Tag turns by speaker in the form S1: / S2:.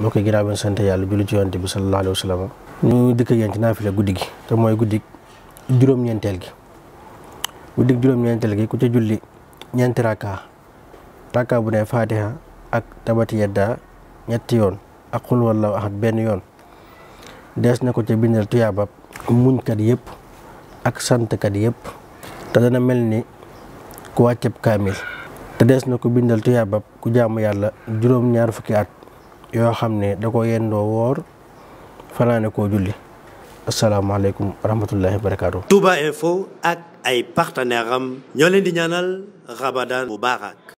S1: moo koy ginnaaw bi sant yàlla julli ci yonte bi sallallahu alayhi wa sallam ñu dikk yéen ci naafila guddi gi te mooy guddi juróom-ñeenteel gi guddi juróom-ñeenteel gi ku ca julli ñeenti rakka rakka bu ne fatiha ak tabati yedda ñetti yoon ak xul wallahu ahad benn yoon dees na ko ca bindal tuyaabab muñkat yëpp ak santkat yépp te dana mel ni ku wàcceb kaamil te dees na ko bindal tuyaabab ku jaamu yàlla juróom-ñaar fukki at yoo xam ne da ko yendoo woor fanaane koo julli asalaamaaleykum wa rahmatullahi wa barakaatu.
S2: Touba Info ak ay partenaires am ñoo leen di ñaanal Ramadan Mubarak